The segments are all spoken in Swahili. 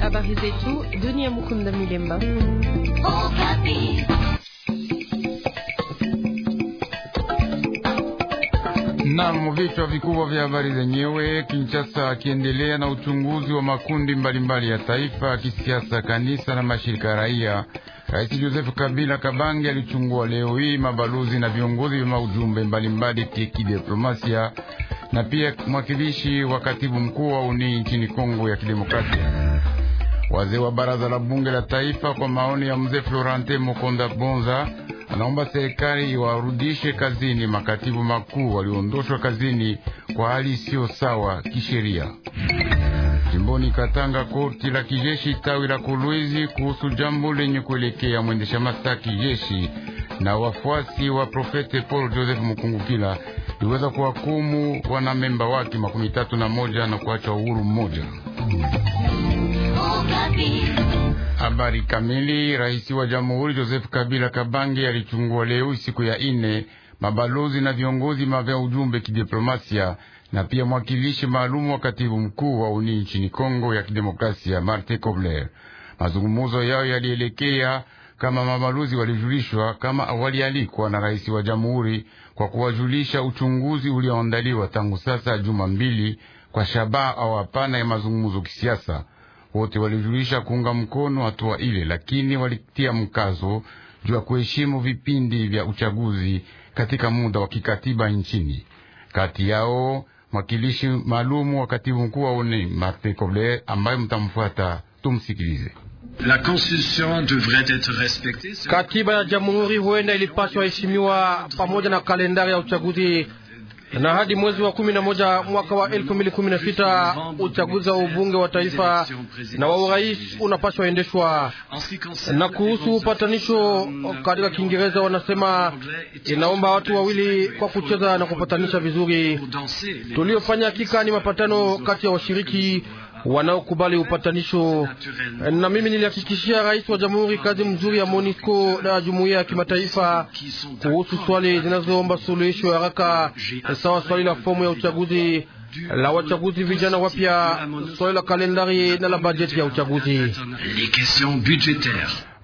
Habari zetu Denis Mukunda Milemba. Naam, vichwa vikubwa vya habari zenyewe. Kinshasa akiendelea na uchunguzi wa makundi mbalimbali mbali ya taifa, kisiasa, kanisa na mashirika raia Rais Joseph Kabila Kabange alichungua leo hii mabalozi na viongozi vya maujumbe mbalimbali kidiplomasia na pia mwakilishi wa katibu mkuu wa UNI nchini Kongo ya Kidemokrasia. Wazee wa baraza la bunge la taifa, kwa maoni ya mzee Florente Mokonda Bonza, anaomba serikali iwarudishe kazini makatibu makuu walioondoshwa kazini kwa hali isiyo sawa kisheria jimboni Katanga, korti la kijeshi tawi la Kolwezi kuhusu jambo lenye kuelekea mwendesha mashtaki kijeshi na wafuasi wa profete Paul Joseph Mukungukila liweza kuwakumu memba wake makumi tatu na moja na kuacha uhuru mmoja. Habari kamili. Rais wa jamhuri Joseph Kabila Kabange alichungua leo siku ya ine mabalozi na viongozi mavya ujumbe kidiplomasia na pia mwakilishi maalumu wa katibu mkuu wa UNI nchini Kongo ya Kidemokrasia, Martin Kobler. Mazungumuzo yao yalielekea kama mabaluzi walijulishwa kama walialikwa na rais wa jamhuri kwa kuwajulisha uchunguzi ulioandaliwa tangu sasa juma mbili kwa shabaha au hapana ya mazungumzo kisiasa. Wote walijulisha kuunga mkono hatua ile, lakini walitia mkazo juu ya kuheshimu vipindi vya uchaguzi katika muda wa kikatiba nchini. Kati yao mwakilishi maalumu wa katibu mkuu wa une Martin Kobler, ambaye mtamfuata. Tumsikilize. La constitution devrait être Katiba ya jamhuri huenda ilipaswa heshimiwa pamoja na kalendari ya uchaguzi na hadi mwezi wa kumi na moja mwaka wa elfu mbili kumi na sita uchaguzi wa ubunge wa taifa na wa urais unapaswa endeshwa. Na kuhusu upatanisho, katika Kiingereza wanasema inaomba watu wawili kwa kucheza na kupatanisha vizuri. Tuliofanya hakika ni mapatano kati ya washiriki wanaokubali upatanisho. Na mimi nilihakikishia rais wa jamhuri kazi mzuri ya MONUSCO na jumuiya ya kimataifa kuhusu swali zinazoomba suluhisho ya haraka, sawa swali la fomu ya uchaguzi la wachaguzi vijana wapya, swali la kalendari na la bajeti ya uchaguzi.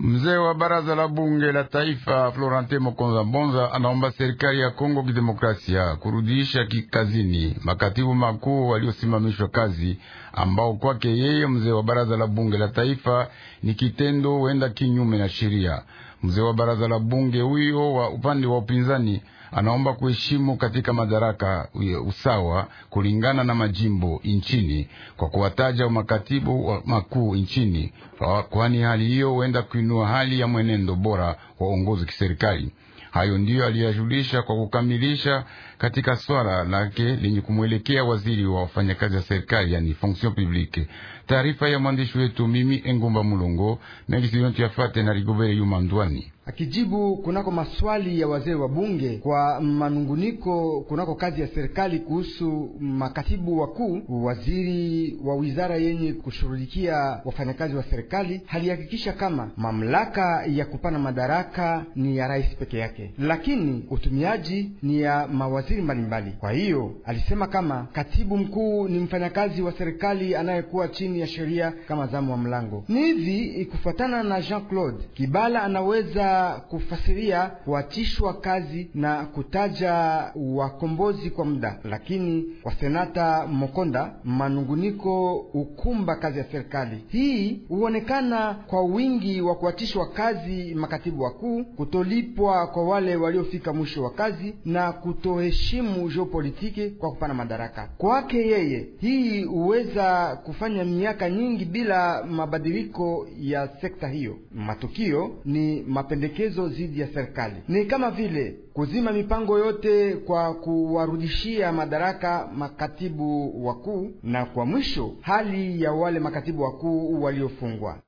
Mzee wa baraza la bunge la taifa Florente Mokonza Bonza anaomba serikali ya Kongo Kidemokrasia kurudisha kikazini makatibu makuu waliosimamishwa kazi, ambao kwake yeye mzee wa baraza la bunge la taifa ni kitendo wenda kinyume na sheria. Mzee wa baraza la bunge huyo wa upande wa upinzani anaomba kuheshimu katika madaraka usawa kulingana na majimbo nchini kwa kuwataja makatibu makuu nchini, kwani hali hiyo huenda kuinua hali ya mwenendo bora wa uongozi kiserikali. Hayo ndiyo aliyajulisha kwa kukamilisha katika swala lake lenye kumwelekea waziri wa wafanyakazi wa serikali, yani fonction publique. Taarifa ya mwandishi wetu mimi Engumba Mulongo Mengi yafate na Rigobere Yuma Ndwani akijibu kunako maswali ya wazee wa bunge kwa manunguniko kunako kazi ya serikali kuhusu makatibu wakuu, waziri wa wizara yenye kushughulikia wafanyakazi wa serikali halihakikisha kama mamlaka ya kupana madaraka ni ya rais peke yake, lakini utumiaji ni ya mawaziri mbalimbali. Kwa hiyo alisema kama katibu mkuu ni mfanyakazi wa serikali anayekuwa chini ya sheria kama zamu wa mlango. Ni hivi kufuatana na Jean Claude Kibala anaweza kufasiria kuachishwa kazi na kutaja wakombozi kwa muda, lakini kwa senata Mokonda, manunguniko ukumba kazi ya serikali hii huonekana kwa wingi wa kuachishwa kazi makatibu wakuu, kutolipwa kwa wale waliofika mwisho wa kazi na kutoheshimu jeopolitiki kwa kupana madaraka kwake yeye. Hii huweza kufanya miaka nyingi bila mabadiliko ya sekta hiyo. Matukio ni mapende mapendekezo dhidi ya serikali, ni kama vile kuzima mipango yote kwa kuwarudishia madaraka makatibu wakuu, na kwa mwisho hali ya wale makatibu wakuu waliofungwa.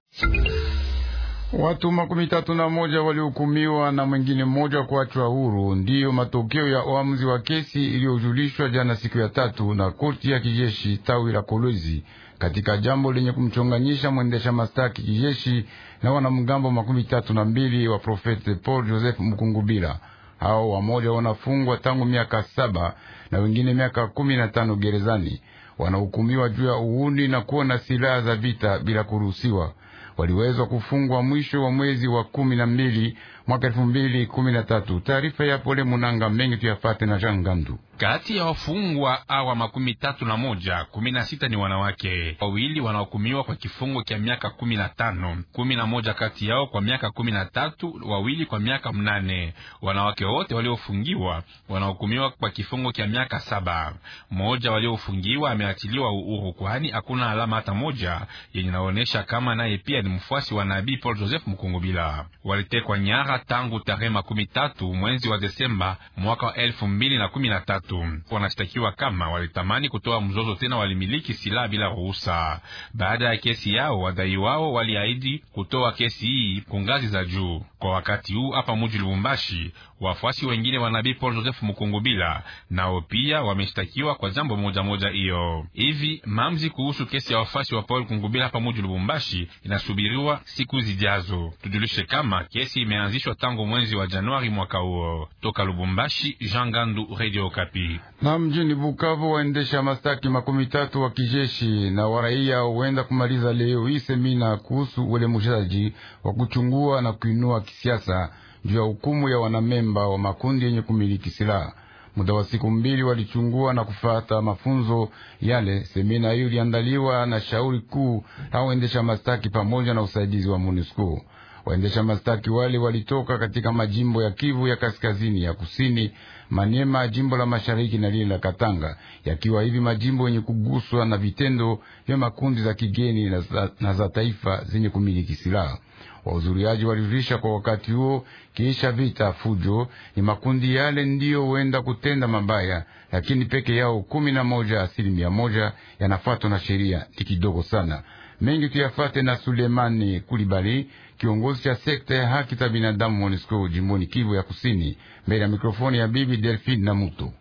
Watu makumi tatu na moja walihukumiwa na mwingine mmoja kuachwa huru. Ndiyo matokeo ya uamuzi wa kesi iliyojulishwa jana siku ya tatu na korti ya kijeshi tawi la Kolwezi katika jambo lenye kumchonganyisha mwendesha mastaki kijeshi na wanamgambo makumi tatu na mbili wa Profete Paul Joseph Mkungubila. Hao wamoja wanafungwa tangu miaka saba na wengine miaka kumi na tano gerezani. Wanahukumiwa juu ya uhuni na kuwa na silaha za vita bila kuruhusiwa waliweza kufungwa mwisho wa mwezi wa kumi na mbili mwaka elfu mbili kumi na tatu. Taarifa ya Pole Munanga mengi tuyafate na Jangandu. Kati ya wafungwa awa makumi tatu na moja, kumi na sita ni wanawake, wawili wanahukumiwa kwa kifungo cha miaka kumi na tano, kumi na moja kati yao kwa miaka kumi na tatu, wawili kwa miaka mnane. Wanawake wote waliofungiwa wanahukumiwa kwa kifungo cha miaka saba. Mmoja waliofungiwa ameachiliwa uhuru, kwani hakuna alama hata moja yenye naonyesha kama naye pia ni mfuasi wa Nabii Paul Joseph Mukungubila. Walitekwa nyara tangu tarehe makumi tatu mwezi wa Desemba mwaka elfu mbili na kumi na tatu tatu. Wanashtakiwa kama walitamani kutoa mzozo, tena walimiliki silaha bila ruhusa. Baada ya kesi yao, wadai wao waliahidi kutoa kesi hii ngazi za juu. Kwa wakati huu hapa muji Lubumbashi, wafuasi wengine wa nabii Paul Joseph Mukungubila nao pia wameshtakiwa kwa jambo moja moja hiyo. Hivi mamzi kuhusu kesi ya wafuasi wa Paul Kungubila hapa muji Lubumbashi inasubiriwa siku zijazo. Tujulishe kama kesi imeanzishwa tangu mwezi wa Januari mwaka huo. Toka Lubumbashi, Jean Gandu, Radio Okapi kifupi. Na mjini Bukavu waendesha mastaki makumi tatu wa kijeshi na waraia huenda kumaliza leo hii semina kuhusu uelemushaji wa kuchungua na kuinua kisiasa juu ya hukumu ya wanamemba wa makundi yenye kumiliki silaha. Muda wa siku mbili walichungua na kufata mafunzo yale. Semina hiyo iliandaliwa na shauri kuu la waendesha mastaki pamoja na usaidizi wa MONUSCO. Waendesha mastaki wale walitoka katika majimbo ya Kivu ya kaskazini, ya kusini, manema ya jimbo la mashariki na lile la Katanga, yakiwa hivi majimbo yenye kuguswa na vitendo vya makundi za kigeni na za, na za taifa zenye kumiliki silaha. Wahudhuriaji walirudisha kwa wakati huo, kisha vita fujo, ni makundi yale ndiyo huenda kutenda mabaya, lakini peke yao kumi na moja asilimia moja yanafuatwa na sheria, ni kidogo sana mengi tuyafate na Sulemani Kulibali, kiongozi cha sekta ya haki za binadamu MONUSCO jimboni Kivu ya Kusini, mbele ya mikrofoni ya bibi Delphine na mutu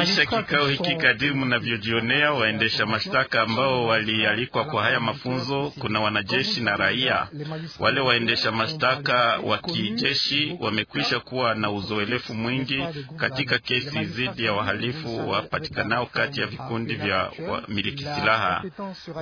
kisha kikao hiki, kadiri mnavyojionea, waendesha mashtaka ambao walialikwa kwa haya mafunzo, kuna wanajeshi na raia. Wale waendesha mashtaka wa kijeshi wamekwisha kuwa na uzoelefu mwingi katika kesi dhidi ya wahalifu wapatikanao kati ya vikundi vya wamiliki silaha.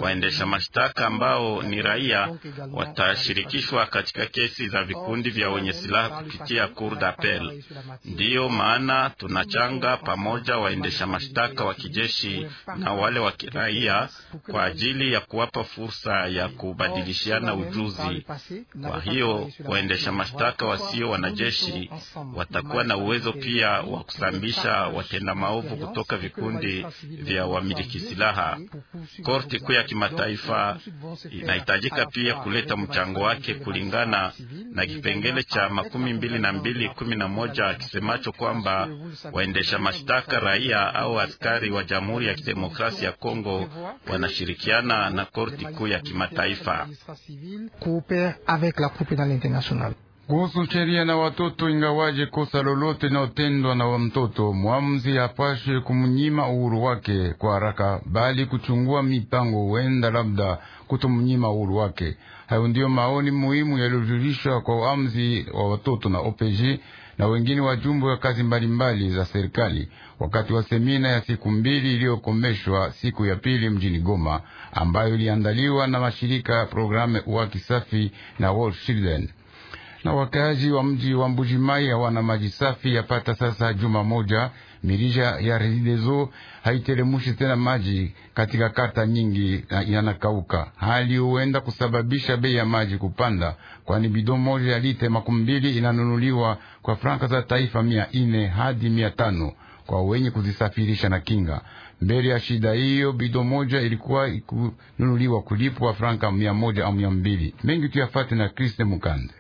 Waendesha mashtaka ambao ni raia watashirikishwa katika kesi za vikundi vya wenye silaha kupitia Cour d'appel. Ndiyo maana sana tunachanga pamoja waendesha mashtaka wa kijeshi na wale wa kiraia kwa ajili ya kuwapa fursa ya kubadilishiana ujuzi. Kwa hiyo waendesha mashtaka wasio wanajeshi watakuwa na uwezo pia wa kusambisha watenda maovu kutoka vikundi vya wamiliki silaha. Korti Kuu ya Kimataifa inahitajika pia kuleta mchango wake kulingana na kipengele cha makumi mbili na mbili kumi na moja akisemacho kwamba kwamba waendesha mashtaka raia au askari wa Jamhuri ya Kidemokrasia ya Kongo wanashirikiana na korti kuu ya kimataifa. Kuhusu sheria na watoto, ingawaje kosa lolote linalotendwa na mtoto mwamuzi apashe kumnyima uhuru wake kwa haraka, bali kuchungua mipango huenda labda kutomnyima uhuru wake. Hayo ndiyo maoni muhimu yaliyojulishwa kwa uamuzi wa watoto na OPG na wengine wajumbe wa kazi mbalimbali mbali za serikali wakati wa semina ya siku mbili iliyokomeshwa siku ya pili mjini Goma, ambayo iliandaliwa na mashirika programu wa kisafi na World Children na wakazi wa mji wa Mbujimai hawana maji safi yapata sasa juma moja mirija ya Regideso haitelemushi tena maji katika kata nyingi yanakauka, hali huenda kusababisha bei ya maji kupanda, kwani bido moja ya lite makumi mbili inanunuliwa kwa franka za taifa mia ine hadi mia tano kwa wenye kuzisafirisha na kinga. Mbele ya shida hiyo, bido moja ilikuwa ikununuliwa kulipwa franka mia moja au mia mbili. Mengi tuyafate na Kriste Mukande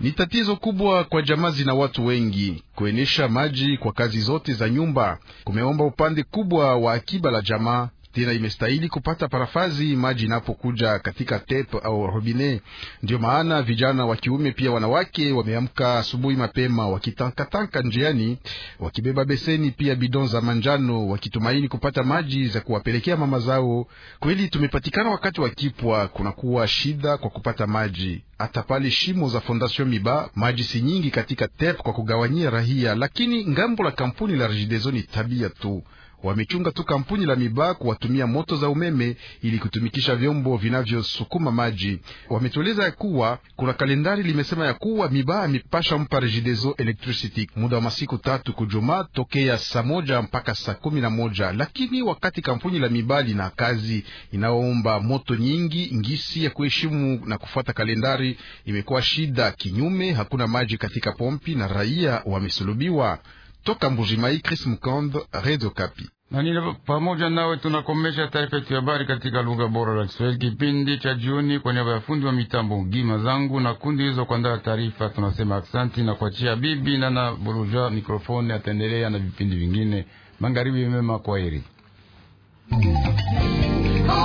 ni tatizo kubwa kwa jamazi na watu wengi. Kuenesha maji kwa kazi zote za nyumba kumeomba upande kubwa wa akiba la jamaa tena imestahili kupata parafazi maji inapokuja katika tep au robine. Ndio maana vijana wa kiume pia wanawake wameamka asubuhi mapema, wakitankatanka njiani, wakibeba beseni pia bidon za manjano, wakitumaini kupata maji za kuwapelekea mama zao. Kweli tumepatikana wakati wa kipwa, kunakuwa shida kwa kupata maji hata pale shimo za Fondation Miba maji si nyingi katika tep kwa kugawanyia rahia, lakini ngambo la kampuni la Regideso ni tabia tu wamechunga tu kampuni la Miba kuwatumia moto za umeme ili kutumikisha vyombo vinavyosukuma maji. Wametueleza ya kuwa kuna kalendari limesema ya kuwa Miba amepasha mpa Regideso Electricity muda wa masiku tatu kujuma tokea saa moja mpaka saa kumi na moja, lakini wakati kampuni la Miba lina kazi inaomba moto nyingi ngisi ya kuheshimu na kufuata kalendari imekuwa shida, kinyume hakuna maji katika pompi na raia wamesulubiwa. Toka Mbujimai, Chris Mkombe, Radio Kapi. Na nile pamoja nawe tunakomesha taarifa yetu ya habari katika lugha bora la Kiswahili kipindi cha jioni. Kwa niaba ya fundi wa mitambo Gima zangu na kundi hizo kuandaa taarifa, tunasema aksanti na kuachia bibi na na Buruja mikrofoni ataendelea na vipindi vingine. Magharibi mema, kwa heri.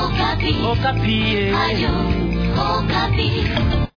Okapi. Oh, Okapi. Oh, Ayo. Okapi. Oh,